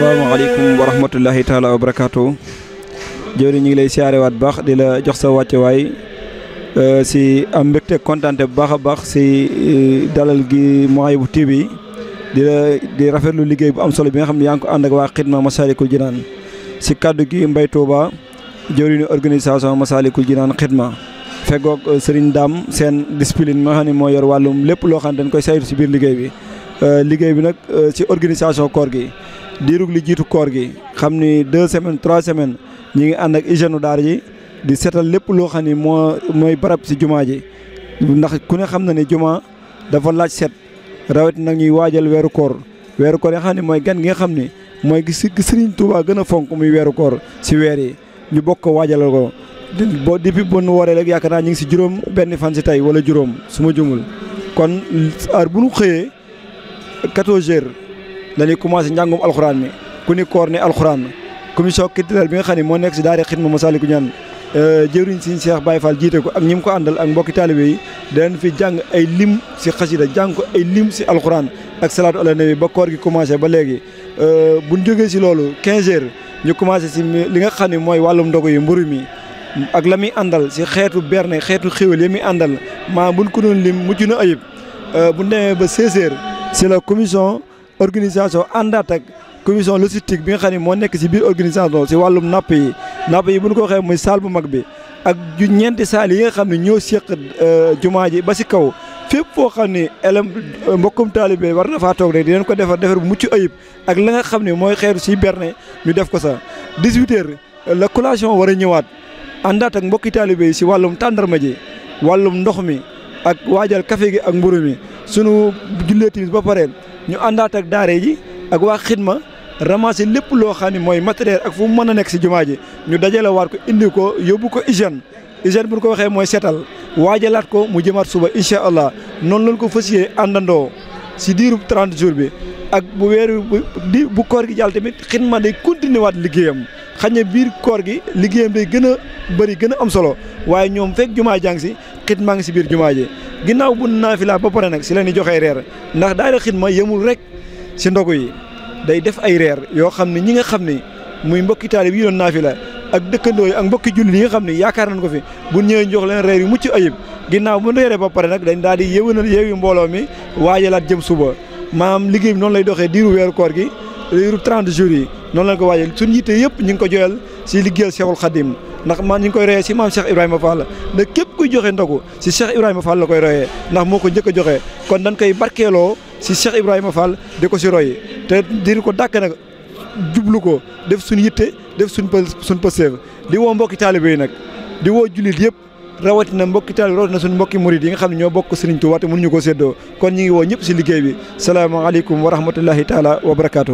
asalaamaaleykum wa rahmatullahi taala wa barakaatu jëwri ñu ngi lay siyaarewaat baax di la jox sa wàccuwaay euh, si am mbégte kontante bu baax a baax si euh, dalal gi Mouhaïbou TV di la di rafetlu liggéey bu am solo bi nga xam ne yaa ngi ko ànd ak waa xidma Masaalikul Jinaan si kàddu gi Mbay Touba jëwriñu organisation Masaalikul Jinaan xidma feggoog euh, sëriñ daam seen discipline ma xam ne moo yor wàllum lépp loo xam ne dañ koy saytu si biir liggéey bi liggéey bi nag si organisation koor gi dirug li jitu koor gi xamni ni semaine 3 semaine ñi ngi and ak hygiène daar ji di sétal lepp lo xamni mo moy barap ci si ji ndax ku ne xamna ni juma dafa laaj set rawet nak ñuy wajal wéru koor wéru koor yi xam ne gan gi xamni moy ni mooy gi Sëriñ Tuubaa fonk muy wéru koor si wér yi ñu bokk wajal di ko boo depuis bon woré rek yakana ñi ngi si juroom benn fan ci tay wala juroom suma jumul kon ar bu ñu 14 heures dañuy commencé jangum alquran mi ku ni koor ni alquran ku mi sokki dal bi nga xani mo nek ci daari daara xidma masaliku ñaan euh, jëriñ siñ Cheikh Baye Fall jité ko ak ñim ko andal ak mbokki talibé yi dañ fi jang ay lim ci xasida jang ko ay lim ci alquran ak salatu ala nabi ba koor gi commencé ba légui euh ñu joggé ci lolu 15 h ñu commencé ci li nga xani moy walum ndogu yi mburu mi ak lami andal ci xéetu berne xéetu xewel yi andal ma buñ ko non lim mucc na ayib euh buñ demee ba 16 h c'est la commission organisation àndaat ak commission logistique bi nga xam ne moo nekk si biir organisation si wàllum napp yi napp yi bu ñu ko waxee muy saal bu mag bi ak ju ñeenti saal yi nga xam ne ñoo séq euh, jumaa ji ba si kaw fépp foo xam ne elem euh, mbokkum taalibe war na faa toog rek dinañ ko defar defar bu mucc ayib ak la nga xam ne mooy xeeru si berne ñu def ko sax 18 heures euh, la collation war a ñëwaat àndaat ak mbokki taalibe yi si wàllum tàndarma ji wàllum ndox mi ak waajal café gi ak mburu mi sunu jullee ba pare ñu àndaat ak daare ji ak waa xidma ramasser lépp loo xam ne mooy matériel ak fu mu mën a nekk si jumaa ji ñu dajale waat ko indi ko yóbbu ko hygiène hygiène bu ñu ko waxee mooy seetal waajalaat ko mu jëmaat suba incha allah noonu lañ ko fas yéene àndandoo si diiru 30 jours bi ak bu weeru bu koor gi jàll tamit xidma day continuer waat liggéeyam. xañ na biir koor gi liggéeyam day gën a bëri gën a am solo waaye ñoom fekk jumaa jàng si xit maa ngi si biir jumaa ji ginnaaw bu naafila ba pare nag si leen di joxee reer ndax daayira xidma yemul rek si ndogu yi day def ay reer yoo xam ne ñi nga xam ne muy mbokki taalib yi doon naafila ak dëkkandoo yi ak mbokki jullit yi nga xam ne yaakaar nañ ko fi bu ñëwee jox leen reer yu mucc ayib ginnaaw bu reeree ba pare nag dañ daal di yéwénal yeewi mbooloo mi waajalaat jëm suba maanaam liggéey bi noonu lay doxee diiru weeru koor gi diiru 30 jours noonu lañ ko waajal suñu yitte yëpp ñu ngi ko joyal si liggéeyal Cheikhul Khadim ndax man ñu ngi koy royee si maam Cheikh Ibrahima Fall ndax képp kuy joxe ndogu si Cheikh Ibrahima Fall la koy royee ndax moo ko jëkk a joxe kon dañ koy barkeeloo si Cheikh Ibrahima Fall di ko si roy te di ko dàkk na jublu ko def suñu yitte def suñ suñ pëseef di woo mbokki taalibe yi nag di woo jullit yëpp rawatina mbokki taalibe rawatina suñ mbokki murid yi nga xam ne ñoo bokk Sëriñ Tuubaa te mënuñu ko séddoo kon ñu ngi woo ñëpp si liggéey bi salaamaaleykum wa rahmatullahi taala wa barakaatu